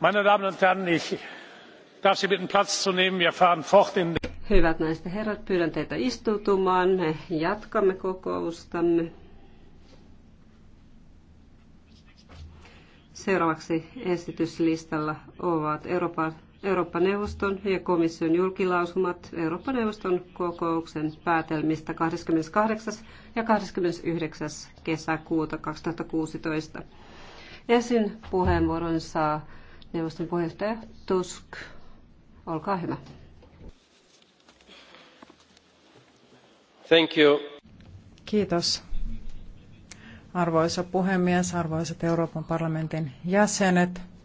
meine damen und herren ich darf sie bitten platz zu nehmen. wir fahren fort in Hyvät naiset ja herrat, pyydän teitä istuutumaan. Me jatkamme kokoustamme. Seuraavaksi esityslistalla ovat Euroopan, Euroopan neuvoston ja komission julkilausumat Euroopan neuvoston kokouksen päätelmistä 28. ja 29. kesäkuuta 2016. Ensin puheenvuoron saa Neuvoston puheenjohtaja Tusk, olkaa hyvä. Thank you. Kiitos. Arvoisa puhemies, arvoisat Euroopan parlamentin jäsenet,